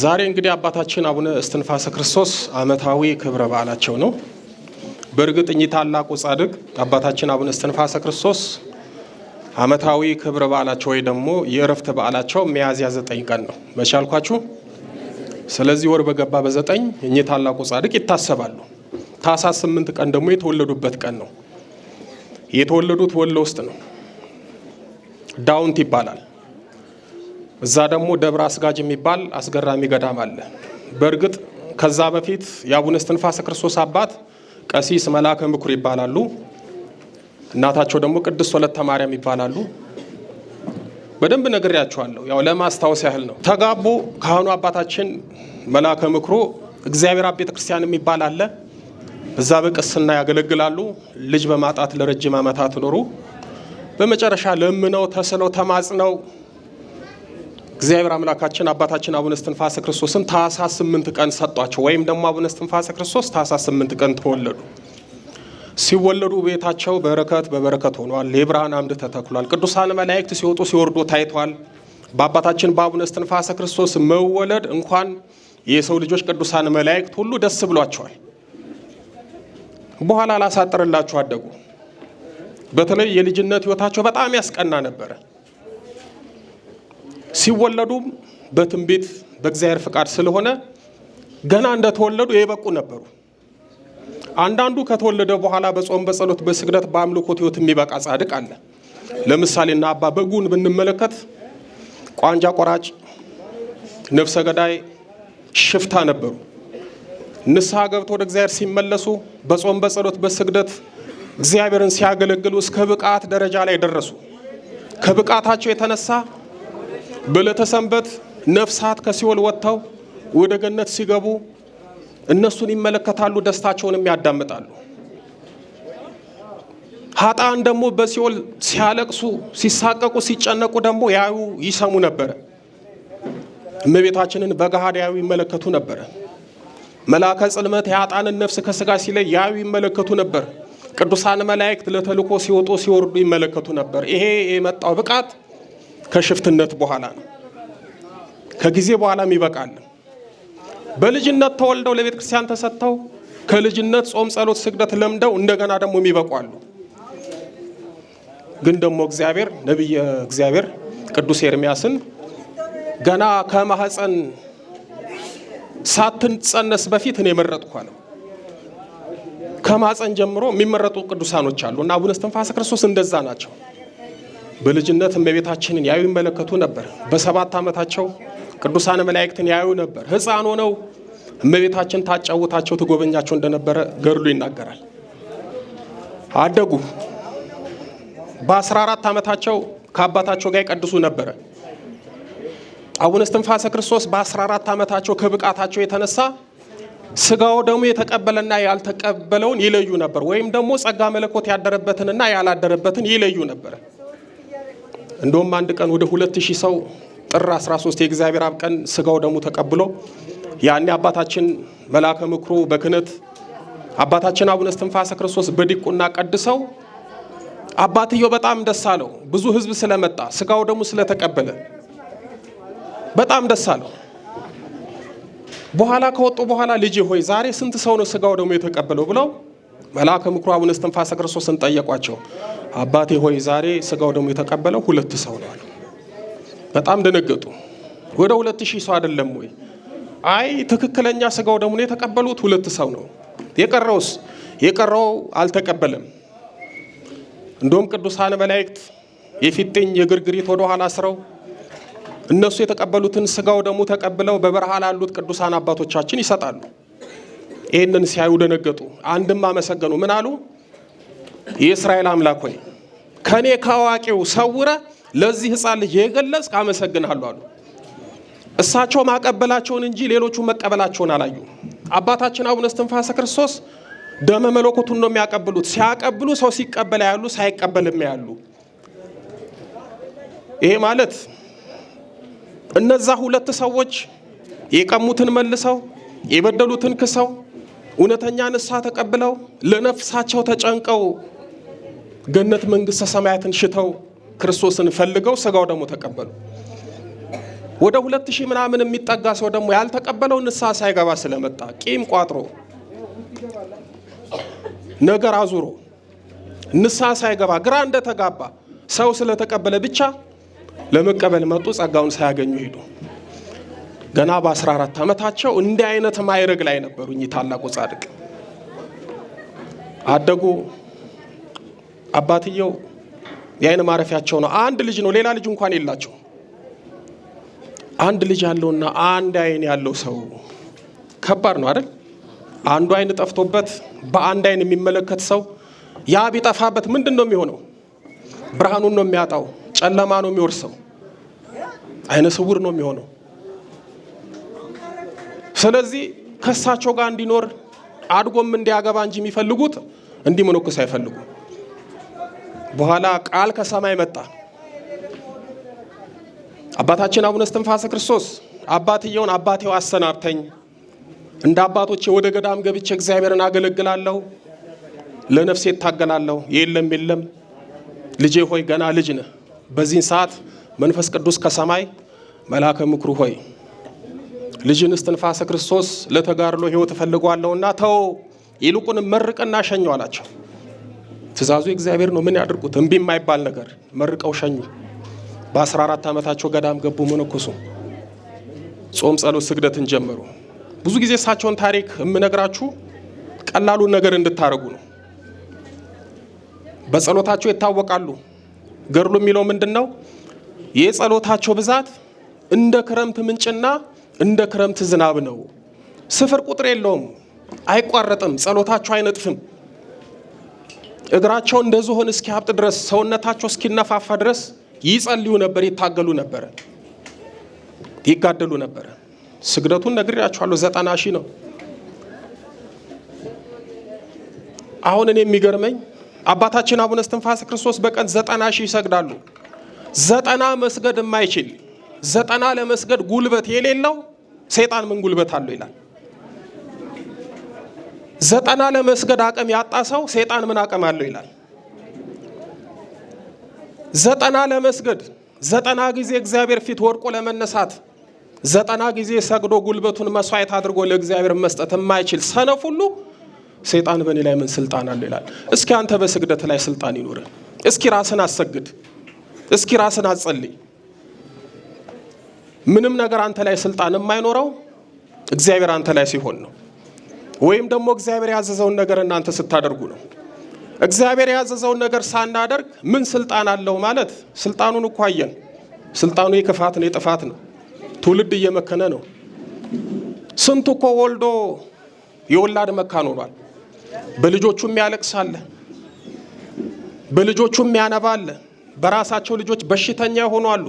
ዛሬ እንግዲህ አባታችን አቡነ እስትንፋሰ ክርስቶስ ዓመታዊ ክብረ በዓላቸው ነው። በእርግጥ እኚህ ታላቁ ጻድቅ አባታችን አቡነ እስትንፋሰ ክርስቶስ ዓመታዊ ክብረ በዓላቸው ወይ ደግሞ የእረፍት በዓላቸው ሚያዝያ ዘጠኝ ቀን ነው መቻልኳችሁ። ስለዚህ ወር በገባ በዘጠኝ እኚህ ታላቁ ጻድቅ ይታሰባሉ። ታኅሳስ ስምንት ቀን ደግሞ የተወለዱበት ቀን ነው። የተወለዱት ወሎ ውስጥ ነው፣ ዳውንት ይባላል። እዛ ደግሞ ደብረ አስጋጅ የሚባል አስገራሚ ገዳም አለ። በእርግጥ ከዛ በፊት የአቡነ እስትንፋሰ ክርስቶስ አባት ቀሲስ መልአከ ምኩር ይባላሉ። እናታቸው ደግሞ ቅድስት ወለተ ማርያም ይባላሉ። በደንብ ነግሬያቸዋለሁ። ያው ለማስታወስ ያህል ነው። ተጋቡ። ካህኑ አባታችን መልአከ ምኩሩ እግዚአብሔር አብ ቤተ ክርስቲያን የሚባል አለ። እዛ በቅስና ያገለግላሉ። ልጅ በማጣት ለረጅም ዓመታት ኖሩ። በመጨረሻ ለምነው ተስለው ተማጽነው እግዚአብሔር አምላካችን አባታችን አቡነ እስትንፋሰ ክርስቶስን ታሳ ስምንት ቀን ሰጧቸው። ወይም ደግሞ አቡነ እስትንፋሰ ክርስቶስ ታኅሳስ ስምንት ቀን ተወለዱ። ሲወለዱ ቤታቸው በረከት በበረከት ሆኗል። የብርሃን አምድ ተተክሏል። ቅዱሳን መላእክት ሲወጡ ሲወርዱ ታይቷል። በአባታችን በአቡነ እስትንፋሰ ክርስቶስ መወለድ እንኳን የሰው ልጆች ቅዱሳን መላእክት ሁሉ ደስ ብሏቸዋል። በኋላ አላሳጥርላችሁ አደጉ። በተለይ የልጅነት ህይወታቸው በጣም ያስቀና ነበረ። ሲወለዱም በትንቢት በእግዚአብሔር ፍቃድ ስለሆነ ገና እንደተወለዱ የበቁ ነበሩ። አንዳንዱ ከተወለደ በኋላ በጾም በጸሎት በስግደት በአምልኮት ሕይወት የሚበቃ ጻድቅ አለ። ለምሳሌና አባ በጉን ብንመለከት ቋንጃ ቆራጭ፣ ነፍሰ ገዳይ፣ ሽፍታ ነበሩ። ንስሐ ገብቶ ወደ እግዚአብሔር ሲመለሱ በጾም በጸሎት በስግደት እግዚአብሔርን ሲያገለግሉ እስከ ብቃት ደረጃ ላይ ደረሱ። ከብቃታቸው የተነሳ በዕለተ ሰንበት ነፍሳት ከሲኦል ወጥተው ወደ ገነት ሲገቡ እነሱን ይመለከታሉ፣ ደስታቸውንም ያዳምጣሉ። ሀጣን ደግሞ በሲኦል ሲያለቅሱ፣ ሲሳቀቁ፣ ሲጨነቁ ደግሞ ያዩ ይሰሙ ነበረ። እመቤታችንን በገሃድ ያዩ ይመለከቱ ነበረ። መልአከ ጽልመት የሀጣንን ነፍስ ከስጋ ሲለይ ያዩ ይመለከቱ ነበር። ቅዱሳን መላእክት ለተልእኮ ሲወጡ ሲወርዱ ይመለከቱ ነበር። ይሄ የመጣው ብቃት ከሽፍትነት በኋላ ነው። ከጊዜ በኋላም ይበቃል። በልጅነት ተወልደው ለቤተ ክርስቲያን ተሰጥተው ከልጅነት ጾም፣ ጸሎት፣ ስግደት ለምደው እንደገና ደግሞ የሚበቋሉ ግን ደግሞ እግዚአብሔር ነቢየ እግዚአብሔር ቅዱስ ኤርሚያስን ገና ከማህፀን ሳትጸነስ በፊት እኔ መረጥኩ ነው። ከማህፀን ጀምሮ የሚመረጡ ቅዱሳኖች አሉ እና አቡነ እስትንፋሰ ክርስቶስ እንደዛ ናቸው። በልጅነት እመቤታችንን ያዩ ይመለከቱ ነበር። በሰባት ዓመታቸው ቅዱሳን መላእክትን ያዩ ነበር። ሕፃን ሆነው እመቤታችን ታጫውታቸው ትጎበኛቸው እንደነበረ ገድሉ ይናገራል። አደጉ። በ14 ዓመታቸው ከአባታቸው ጋር ይቀድሱ ነበረ። አቡነ እስትንፋሰ ክርስቶስ በ14 ዓመታቸው ከብቃታቸው የተነሳ ስጋው ደግሞ የተቀበለና ያልተቀበለውን ይለዩ ነበር፣ ወይም ደግሞ ጸጋ መለኮት ያደረበትንና ያላደረበትን ይለዩ ነበር። እንደውም አንድ ቀን ወደ ሁለት ሺህ ሰው ጥር 13 የእግዚአብሔር አብ ቀን ስጋው ደሙ ተቀብሎ ያኔ አባታችን መልአከ ምክሩ በክህነት አባታችን አቡነ እስትንፋሰ ክርስቶስ በዲቁና ቀድሰው አባትየው በጣም ደስ አለው። ብዙ ህዝብ ስለመጣ ስጋው ደሙ ስለተቀበለ በጣም ደስ አለው። በኋላ ከወጡ በኋላ ልጅ ሆይ ዛሬ ስንት ሰው ነው ስጋው ደሙ የተቀበለው ብለው መልአከ ምክሩ አቡነ እስትንፋሰ ክርስቶስን ጠየቋቸው። አባቴ ሆይ ዛሬ ስጋው ደግሞ የተቀበለው ሁለት ሰው ነው አሉ። በጣም ደነገጡ። ወደ ሁለት ሺህ ሰው አይደለም ወይ? አይ ትክክለኛ ስጋው ደግሞ የተቀበሉት ሁለት ሰው ነው። የቀረውስ? የቀረው አልተቀበለም። እንደውም ቅዱሳን መላእክት የፊጥኝ የግርግሪት ወደ ኋላ አስረው እነሱ የተቀበሉትን ስጋው ደግሞ ተቀብለው በበረሃ ላሉት ቅዱሳን አባቶቻችን ይሰጣሉ። ይህንን ሲያዩ ደነገጡ። አንድም አመሰገኑ። ምን አሉ? የእስራኤል አምላክ ሆይ ከኔ ከአዋቂው ሰውረ ለዚህ ህፃን ልጅ የገለጽ አመሰግናለሁ አሉ። እሳቸው ማቀበላቸውን እንጂ ሌሎቹ መቀበላቸውን አላዩ። አባታችን አቡነ እስትንፋሰ ክርስቶስ ደመ መለኮቱን ነው የሚያቀብሉት። ሲያቀብሉ ሰው ሲቀበል ያሉ ሳይቀበልም ያሉ። ይሄ ማለት እነዛ ሁለት ሰዎች የቀሙትን መልሰው የበደሉትን ክሰው እውነተኛ ንስሐ ተቀብለው ለነፍሳቸው ተጨንቀው ገነት መንግሥተ ሰማያትን ሽተው ክርስቶስን ፈልገው ስጋው ደግሞ ተቀበሉ። ወደ ሁለት ሺህ ምናምን የሚጠጋ ሰው ደግሞ ያልተቀበለው ንስሐ ሳይገባ ስለመጣ ቂም ቋጥሮ ነገር አዙሮ ንስሐ ሳይገባ ግራ እንደተጋባ ሰው ስለተቀበለ ብቻ ለመቀበል መጡ። ጸጋውን ሳያገኙ ሄዱ። ገና በ14 ዓመታቸው እንዲህ አይነት ማይረግ ላይ ነበሩ እኚህ ታላቁ ጻድቅ። አደጉ። አባትየው የአይን ማረፊያቸው ነው። አንድ ልጅ ነው፣ ሌላ ልጅ እንኳን የላቸው። አንድ ልጅ ያለውና አንድ አይን ያለው ሰው ከባድ ነው አይደል? አንዱ አይን ጠፍቶበት በአንድ አይን የሚመለከት ሰው ያ ቢጠፋበት ምንድን ነው የሚሆነው? ብርሃኑን ነው የሚያጣው፣ ጨለማ ነው የሚወርሰው፣ አይነ ስውር ነው የሚሆነው። ስለዚህ ከእሳቸው ጋር እንዲኖር አድጎም እንዲያገባ እንጂ የሚፈልጉት እንዲህ አይፈልጉም። በኋላ ቃል ከሰማይ መጣ። አባታችን አቡነ እስትንፋሰ ክርስቶስ አባትየውን አባቴው አሰናብተኝ፣ እንደ አባቶቼ ወደ ገዳም ገብቼ እግዚአብሔርን አገለግላለሁ፣ ለነፍሴ እታገላለሁ። የለም የለም፣ ልጄ ሆይ ገና ልጅ ነህ። በዚህን ሰዓት መንፈስ ቅዱስ ከሰማይ መልአከ ምክሩ ሆይ ልጅን እስትንፋሰ ክርስቶስ ለተጋድሎ ሕይወት እፈልገዋለሁና ተው፣ ይልቁንም መርቅና ሸኘው አላቸው። ትእዛዙ እግዚአብሔር ነው። ምን ያድርጉት? እምቢ የማይባል ነገር መርቀው ሸኙ። በአስራ በ14 ዓመታቸው ገዳም ገቡ። መነኮሱ ጾም፣ ጸሎት፣ ስግደትን ጀመሩ። ብዙ ጊዜ እሳቸውን ታሪክ የምነግራችሁ ቀላሉን ነገር እንድታደርጉ ነው። በጸሎታቸው ይታወቃሉ። ገድሉ የሚለው ምንድን ነው? የጸሎታቸው ብዛት እንደ ክረምት ምንጭና እንደ ክረምት ዝናብ ነው። ስፍር ቁጥር የለውም። አይቋረጥም። ጸሎታቸው አይነጥፍም። እግራቸው እንደ ዝሆን እስኪያብጥ ድረስ ሰውነታቸው እስኪነፋፋ ድረስ ይጸልዩ ነበር፣ ይታገሉ ነበረ፣ ይጋደሉ ነበረ። ስግደቱን ነግሬያችኋለሁ፣ ዘጠና ሺህ ነው። አሁን እኔ የሚገርመኝ አባታችን አቡነ እስትንፋሰ ክርስቶስ በቀን ዘጠና ሺህ ይሰግዳሉ። ዘጠና መስገድ የማይችል ዘጠና ለመስገድ ጉልበት የሌለው ሰይጣን ምን ጉልበት አለው ይላል። ዘጠና ለመስገድ አቅም ያጣ ሰው ሴጣን ምን አቅም አለው ይላል። ዘጠና ለመስገድ ዘጠና ጊዜ እግዚአብሔር ፊት ወድቆ ለመነሳት ዘጠና ጊዜ ሰግዶ ጉልበቱን መስዋዕት አድርጎ ለእግዚአብሔር መስጠት የማይችል ሰነፍ ሁሉ ሴጣን በእኔ ላይ ምን ስልጣን አለው ይላል። እስኪ አንተ በስግደት ላይ ስልጣን ይኖር። እስኪ ራስን አሰግድ። እስኪ ራስን አጸልይ። ምንም ነገር አንተ ላይ ስልጣን የማይኖረው እግዚአብሔር አንተ ላይ ሲሆን ነው። ወይም ደግሞ እግዚአብሔር ያዘዘውን ነገር እናንተ ስታደርጉ ነው። እግዚአብሔር ያዘዘውን ነገር ሳናደርግ ምን ስልጣን አለው ማለት? ስልጣኑን እኮ አየን። ስልጣኑ የክፋት ነው፣ የጥፋት ነው። ትውልድ እየመከነ ነው። ስንቱ እኮ ወልዶ የወላድ መካን ሆኗል። በልጆቹ የሚያለቅሳለ፣ በልጆቹ የሚያነባለ፣ በራሳቸው ልጆች በሽተኛ የሆኑ አሉ።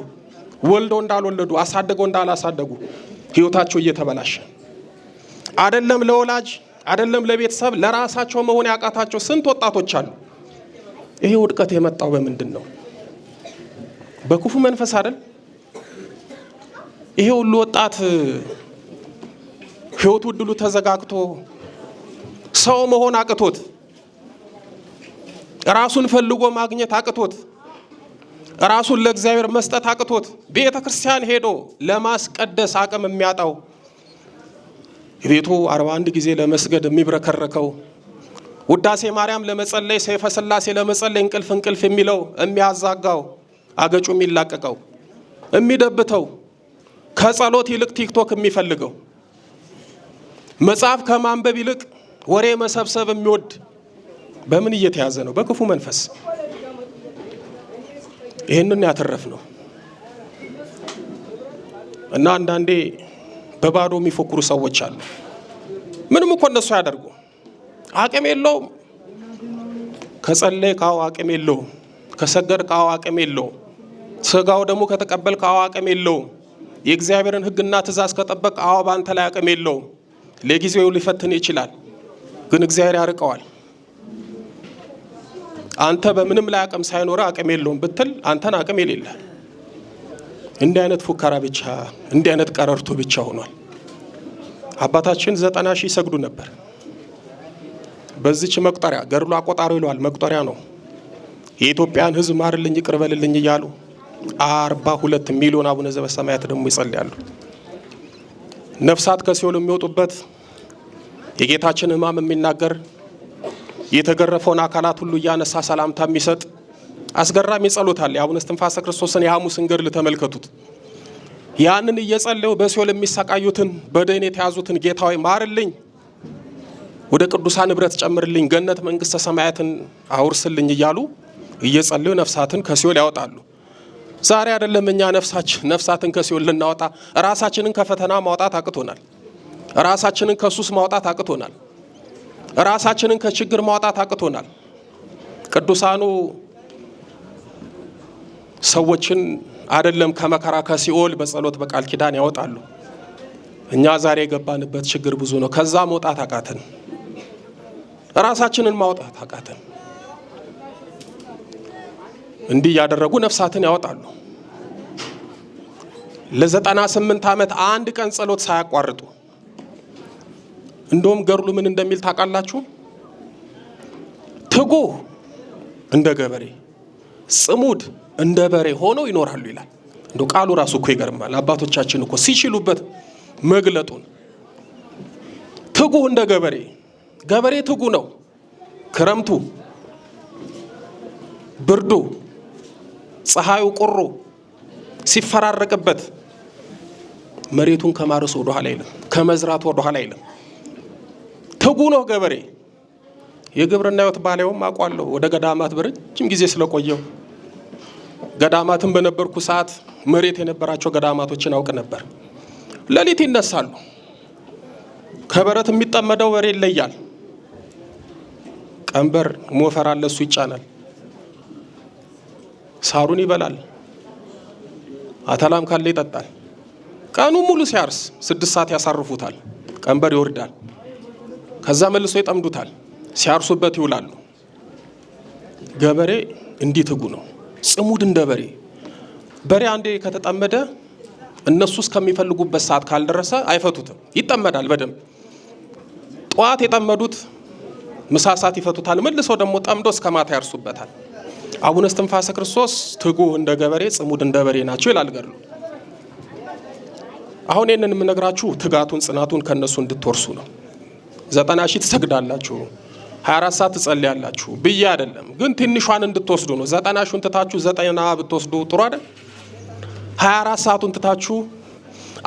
ወልዶ እንዳልወለዱ አሳድገው እንዳላሳደጉ ህይወታቸው እየተበላሸ አደለም ለወላጅ አደለም ለቤተሰብ ለራሳቸው መሆን ያቃታቸው ስንት ወጣቶች አሉ። ይሄ ውድቀት የመጣው በምንድን ነው? በክፉ መንፈስ አይደል? ይሄ ሁሉ ወጣት ህይወቱ ድሉ ተዘጋግቶ ሰው መሆን አቅቶት ራሱን ፈልጎ ማግኘት አቅቶት ራሱን ለእግዚአብሔር መስጠት አቅቶት ቤተ ክርስቲያን ሄዶ ለማስቀደስ አቅም የሚያጣው ቤቱ 41 ጊዜ ለመስገድ የሚብረከረከው ውዳሴ ማርያም ለመጸለይ ሰይፈ ስላሴ ለመጸለይ እንቅልፍ እንቅልፍ የሚለው የሚያዛጋው አገጩ የሚላቀቀው የሚደብተው ከጸሎት ይልቅ ቲክቶክ የሚፈልገው መጽሐፍ ከማንበብ ይልቅ ወሬ መሰብሰብ የሚወድ በምን እየተያዘ ነው? በክፉ መንፈስ። ይህንን ያተረፍ ነው እና አንዳንዴ በባዶ የሚፎክሩ ሰዎች አሉ። ምንም እኮ እነሱ ያደርጉ አቅም የለውም። ከጸለይ ካው አቅም የለውም። ከሰገድ ካው አቅም የለውም። ስጋው ደግሞ ከተቀበል ካው አቅም የለውም። የእግዚአብሔርን ሕግና ትእዛዝ ከጠበቅ አዎ በአንተ ላይ አቅም የለውም። ለጊዜው ሊፈትን ይችላል፣ ግን እግዚአብሔር ያርቀዋል። አንተ በምንም ላይ አቅም ሳይኖረ አቅም የለውም ብትል አንተን አቅም የሌለ እንዲህ አይነት ፉከራ ብቻ እንዲህ አይነት ቀረርቶ ብቻ ሆኗል። አባታችን ዘጠና ሺህ ይሰግዱ ነበር። በዚች መቁጠሪያ ገድሎ አቆጣሪ ይለዋል። መቁጠሪያ ነው። የኢትዮጵያን ሕዝብ ማርልኝ ቅርበልልኝ እያሉ አርባ ሁለት ሚሊዮን አቡነ ዘበሰማያት ደግሞ ይጸልያሉ። ነፍሳት ከሲኦል የሚወጡበት የጌታችን ሕማም የሚናገር የተገረፈውን አካላት ሁሉ እያነሳ ሰላምታ የሚሰጥ አስገራሚ ጸሎት አለ። የአቡነ እስትንፋሰ ክርስቶስን የሐሙስን ገድል ተመልከቱት። ያንን እየጸለዩ በሲኦል የሚሰቃዩትን በደይን የተያዙትን ሆይ ማርልኝ፣ ወደ ቅዱሳን ንብረት ጨምርልኝ፣ ገነት መንግስተ ሰማያትን አውርስልኝ እያሉ እየጸለዩ ነፍሳትን ከሲኦል ያወጣሉ። ዛሬ አይደለም እኛ ነፍሳችን ነፍሳትን ከሲኦል ልናወጣ ራሳችንን ከፈተና ማውጣት አቅቶናል። ራሳችንን ከሱስ ማውጣት አቅቶናል። ራሳችንን ከችግር ማውጣት አቅቶናል። ቅዱሳኑ ሰዎችን አይደለም ከመከራ ከሲኦል በጸሎት በቃል ኪዳን ያወጣሉ። እኛ ዛሬ የገባንበት ችግር ብዙ ነው። ከዛ መውጣት አቃተን፣ ራሳችንን ማውጣት አቃተን። እንዲህ እያደረጉ ነፍሳትን ያወጣሉ። ለዘጠና ስምንት ዓመት አንድ ቀን ጸሎት ሳያቋርጡ እንደውም ገርሉ ምን እንደሚል ታውቃላችሁ? ትጉህ እንደ ገበሬ ጽሙድ እንደ በሬ ሆነው ይኖራሉ ይላል። እንዶ ቃሉ ራሱ እኮ ይገርማል። አባቶቻችን እኮ ሲችሉበት መግለጡን ትጉ እንደ ገበሬ ገበሬ ትጉ ነው። ክረምቱ፣ ብርዱ፣ ፀሐዩ፣ ቁሩ ሲፈራረቅበት መሬቱን ከማረሱ ወደኋላ አይልም፣ ከመዝራቱ ወደኋላ አይልም። ትጉ ነው ገበሬ። የግብርና ሕይወት ባላየውም አውቃለሁ። ወደ ገዳማት በረጅም ጊዜ ስለቆየው ገዳማትን በነበርኩ ሰዓት መሬት የነበራቸው ገዳማቶችን አውቅ ነበር። ሌሊት ይነሳሉ። ከበረት የሚጠመደው በሬ ይለያል። ቀንበር ሞፈር አለ፣ እሱ ይጫናል። ሳሩን ይበላል። አተላም ካለ ይጠጣል። ቀኑ ሙሉ ሲያርስ ስድስት ሰዓት ያሳርፉታል። ቀንበር ይወርዳል። ከዛ መልሶ ይጠምዱታል። ሲያርሱበት ይውላሉ። ገበሬ እንዲህ ትጉ ነው፣ ጽሙድ እንደ በሬ። በሬ አንዴ ከተጠመደ እነሱ እስከሚፈልጉበት ሰዓት ካልደረሰ አይፈቱትም፣ ይጠመዳል በደንብ። ጠዋት የጠመዱት ምሳሳት ይፈቱታል፣ መልሰው ደግሞ ጠምዶ እስከ ማታ ያርሱበታል። አቡነ እስትንፋሰ ክርስቶስ ትጉ እንደ ገበሬ፣ ጽሙድ እንደ በሬ ናቸው ይላል ገድሉ። አሁን ይህንን የምነግራችሁ ትጋቱን ጽናቱን ከእነሱ እንድትወርሱ ነው። ዘጠና ሺህ ትሰግዳላችሁ 24 ሰዓት ትጸልያላችሁ ብዬ አይደለም፣ ግን ትንሿን እንድትወስዱ ነው። ዘጠና ሹን ትታችሁ ዘጠና ብትወስዱ ጥሩ አይደል? 24 ሰዓቱን ትታችሁ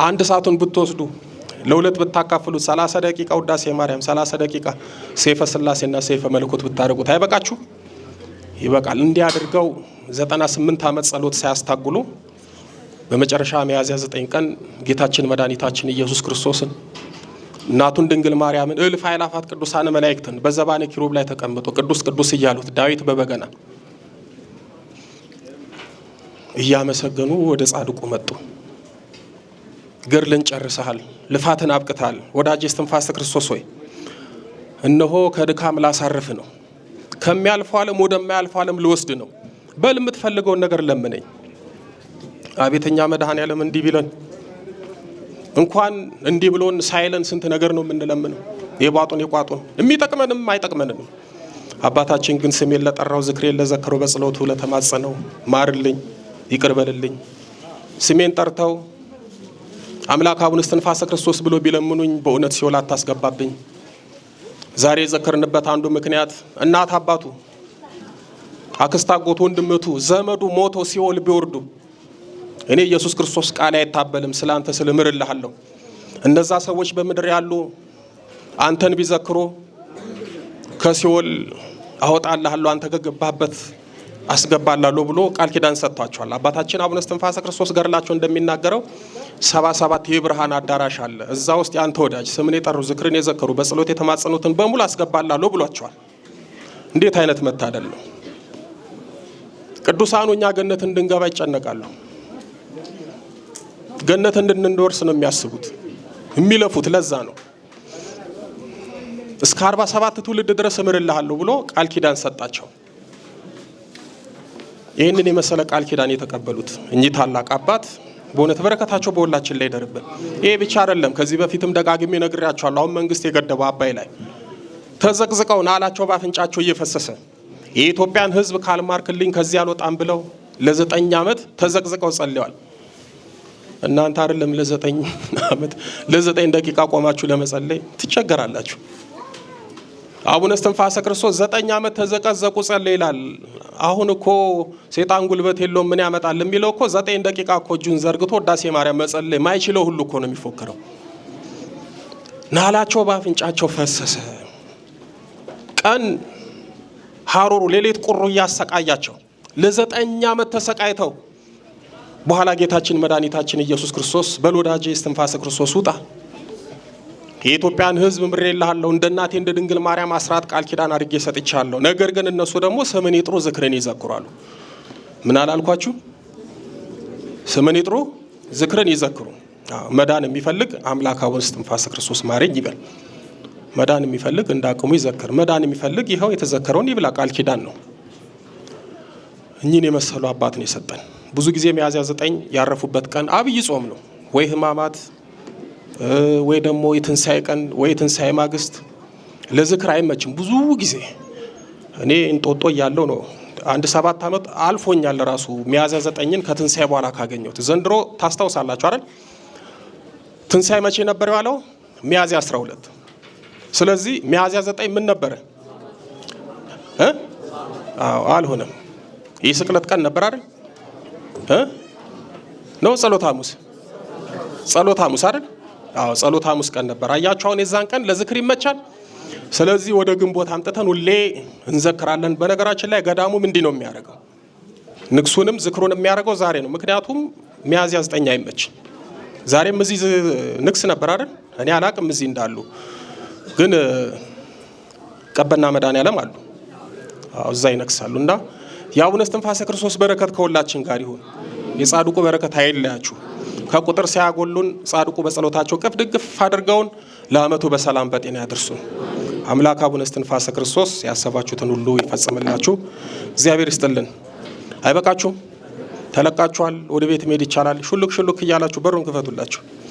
አንድ ሰዓቱን ብትወስዱ ለሁለት ብታካፍሉት 30 ደቂቃ ውዳሴ ማርያም፣ 30 ደቂቃ ሴፈ ስላሴና ሴፈ መለኮት ብታደርጉት አይበቃችሁ? ይበቃል። እንዲህ አድርገው 98 ዓመት ጸሎት ሳያስታጉሉ በመጨረሻ ሚያዝያ 9 ቀን ጌታችን መድኃኒታችን ኢየሱስ ክርስቶስን እናቱን ድንግል ማርያምን እልፍ አእላፋት ቅዱሳን መላእክትን በዘባነ ኪሩብ ላይ ተቀምጦ ቅዱስ ቅዱስ እያሉት ዳዊት በበገና እያመሰገኑ ወደ ጻድቁ መጡ። ግርልን ጨርሰሃል፣ ልፋትን አብቅታል። ወዳጅ እስትንፋሰ ክርስቶስ ሆይ እነሆ ከድካም ላሳርፍ ነው፣ ከሚያልፈው ዓለም ወደማያልፈው ዓለም ልወስድ ነው። በል የምትፈልገውን ነገር ለምነኝ። አቤተኛ መድኃኔ ዓለም እንዲህ ቢለን እንኳን እንዲህ ብሎን ሳይለን ስንት ነገር ነው የምንለምነው። የባጡን የቋጡን የሚጠቅመንም አይጠቅመንም። አባታችን ግን ስሜን ለጠራው ዝክሬን ለዘከረው በጸሎቱ ለተማጸነው ማርልኝ፣ ይቅርበልልኝ ስሜን ጠርተው አምላክ አቡነ እስትንፋሰ ክርስቶስ ብሎ ቢለምኑኝ በእውነት ሲኦል አታስገባብኝ። ዛሬ የዘከርንበት አንዱ ምክንያት እናት አባቱ አክስታጎት፣ ወንድምቱ ዘመዱ ሞቶ ሲኦል ቢወርዱ እኔ ኢየሱስ ክርስቶስ ቃል አይታበልም፣ ስለ አንተ ስል ምርልሃለሁ። እነዛ ሰዎች በምድር ያሉ አንተን ቢዘክሩ ከሲኦል አወጣልሃለሁ፣ አንተ ከገባህበት አስገባላለሁ ብሎ ቃል ኪዳን ሰጥቷቸዋል። አባታችን አቡነ እስትንፋሰ ክርስቶስ ገድላቸው እንደሚናገረው ሰባ ሰባት የብርሃን አዳራሽ አለ። እዛ ውስጥ የአንተ ወዳጅ ስምን የጠሩ ዝክርን የዘከሩ በጸሎት የተማጸኑትን በሙሉ አስገባላለሁ ብሏቸዋል። እንዴት አይነት መታደል ነው! ቅዱሳኑ እኛ ገነት እንድንገባ ይጨነቃሉ። ገነት እንድንወርስ ነው የሚያስቡት የሚለፉት። ለዛ ነው እስከ 47 ትውልድ ድረስ እምርልሃለሁ ብሎ ቃል ኪዳን ሰጣቸው። ይህንን የመሰለ ቃል ኪዳን የተቀበሉት እኚህ ታላቅ አባት በእውነት በረከታቸው በሁላችን ላይ ይደርብን። ይሄ ብቻ አይደለም። ከዚህ በፊትም ደጋግሜ ነግሬያቸዋለሁ። አሁን መንግስት የገደበው አባይ ላይ ተዘቅዝቀው ናላቸው ባፍንጫቸው እየፈሰሰ የኢትዮጵያን ሕዝብ ካልማርክልኝ ከዚህ አልወጣም ብለው ለዘጠኝ ዓመት ተዘቅዝቀው ጸልየዋል። እናንተ አይደለም ለዘጠኝ ዓመት ለዘጠኝ ደቂቃ ቆማችሁ ለመጸለይ ትቸገራላችሁ። አቡነ እስትንፋሰ ክርስቶስ ዘጠኝ ዓመት ተዘቀዘቁ ጸልይ ይላል። አሁን እኮ ሴጣን ጉልበት የለውም ምን ያመጣል የሚለው እኮ ዘጠኝ ደቂቃ እኮ እጁን ዘርግቶ ወዳሴ ማርያም መጸለይ ማይችለው ሁሉ እኮ ነው የሚፎክረው። ናላቸው በአፍንጫቸው ፈሰሰ። ቀን ሀሩሩ ሌሊት ቁሩ እያሰቃያቸው ለዘጠኝ ዓመት ተሰቃይተው በኋላ ጌታችን መድኃኒታችን ኢየሱስ ክርስቶስ በል ወዳጄ እስትንፋሰ ክርስቶስ ውጣ፣ የኢትዮጵያን ሕዝብ ምሬልሃለሁ፣ እንደ እናቴ እንደ ድንግል ማርያም አስራት ቃል ኪዳን አድርጌ ሰጥቻለሁ። ነገር ግን እነሱ ደግሞ ስምን ይጥሩ ዝክርን ይዘክሯሉ። ምን አላልኳችሁ? ስምን ይጥሩ ዝክርን ይዘክሩ። መዳን የሚፈልግ አምላክ አቡነ እስትንፋሰ ክርስቶስ ማረኝ ይበል። መዳን የሚፈልግ እንደ አቅሙ ይዘክር። መዳን የሚፈልግ ይኸው የተዘከረውን ይብላ። ቃል ኪዳን ነው። እኚህን የመሰሉ አባት ነው የሰጠን። ብዙ ጊዜ ሚያዝያ ዘጠኝ ያረፉበት ቀን አብይ ጾም ነው ወይ ህማማት ወይ ደግሞ የትንሣኤ ቀን ወይ የትንሣኤ ማግስት ለዝክር አይመችም። ብዙ ጊዜ እኔ እንጦጦ እያለው ነው አንድ ሰባት ዓመት አልፎኛል ራሱ ሚያዝያ ዘጠኝን ከትንሣኤ በኋላ ካገኘሁት። ዘንድሮ ታስታውሳላችሁ አይደል? ትንሣኤ መቼ ነበር የዋለው? ሚያዝያ 12 ስለዚህ ሚያዝያ ዘጠኝ ምን ነበረ? አልሆነም። የስቅለት ቀን ነበር አይደል? ነው ጸሎት ሐሙስ ጸሎት ሐሙስ አይደል? አዎ ጸሎት ሐሙስ ቀን ነበር። አያችሁ አሁን የዛን ቀን ለዝክር ይመቻል። ስለዚህ ወደ ግንቦት አምጥተን ሁሌ እንዘክራለን። በነገራችን ላይ ገዳሙም እንዲህ ነው የሚያደርገው። ንግሱንም ዝክሩን የሚያደርገው ዛሬ ነው። ምክንያቱም ሚያዝያ ዘጠኝ አይመች። ዛሬም እዚህ ንግስ ነበር አይደል? እኔ አላቅም እዚህ እንዳሉ ግን ቀበና መድኃኔዓለም አሉ እዛ ይነግሳሉ እና የአቡነ እስትንፋሰ ክርስቶስ በረከት ከሁላችን ጋር ይሁን። የጻድቁ በረከት አይለያችሁ። ከቁጥር ሳያጎሉን ጻድቁ በጸሎታቸው ቅፍ ድግፍ አድርገውን ለአመቱ በሰላም በጤና ያድርሱን። አምላክ አቡነ እስትንፋሰ ክርስቶስ ያሰባችሁትን ሁሉ ይፈጽምላችሁ። እግዚአብሔር ይስጥልን። አይበቃችሁም? ተለቃችኋል። ወደ ቤት መሄድ ይቻላል። ሹልክ ሹልክ እያላችሁ በሩን ክፈቱላችሁ።